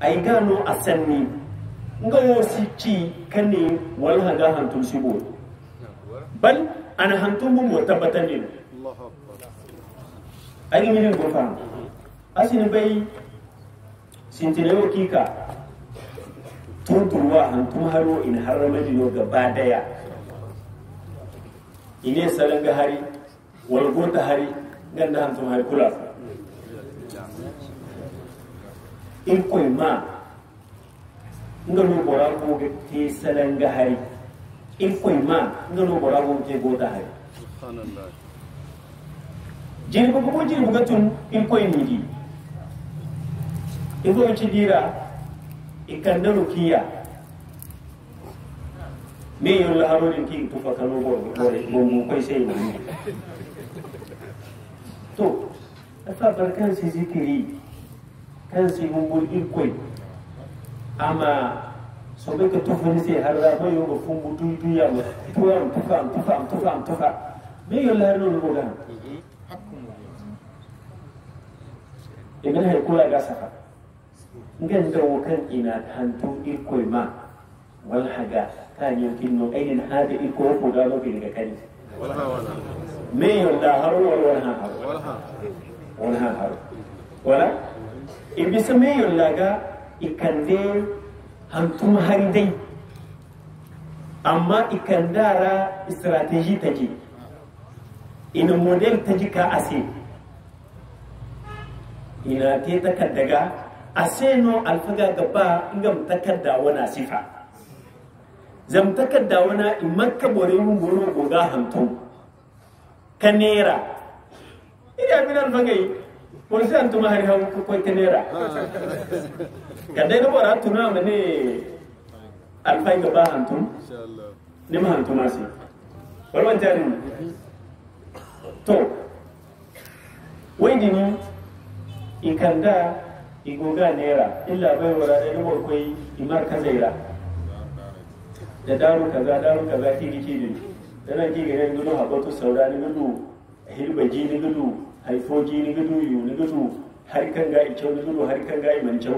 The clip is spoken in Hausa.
a yi gano a sanni nga wo si ci kani wal hanga hantum bo bal an hantun bu mu tabbatan ne a yi ay ni a shi asin bai sintina yau kika tuntuwa hantun haro in haramaji yo gaba daya ine salanga gahari walgota hari ganda hantun haikula ikoi ma nga no bora ko ge ti selanga hay ikoi ma nga no bora ko ge go da hay subhanallah jin ko ko jin ga tun ikoi ni di ibo ci dira ikanda rukiya me yon la harorin ki tufa kanu bo bo mu kai sai ni to afa barkan sai zikiri kan si mumbul ilkoy ama sobe ke tufuni se harra ma yogo fumbu tuy tuyam tuyam tufam tufam tufam tufa me yo lar no lugo gan ibn hay kula ga saka ngen da wukan ina hantu ilkoy ma wal haga kan yankin no ainin hada ilko ko da no bilga kani me yo da haru wal ha haru wal ha haru wala ebisemeyo laga ikande uh, hantum dai? amma ikandara uh, strategi taji ina model taji ka ase ina te takaddaga ase no alfaga gaba ingam takadda wana sifa zam takadda wana imakka bore mun boro goga hantum kanera ida min alfagai polisi an tuma hari hawo kau tenera kadai no bora tuna mane alfai gaba antum ne ma antum Kalau macam ni, to waydi ni in kanda igoga nera illa bai wara da ni kau imar kazaira da kaza jadaru kaza kiri kiri Jadi kiri ne gudu habotu saurani gudu ni gudu hay fo jini ga du yu ni ga du har kan ga icho ni ga du har kan ga imancho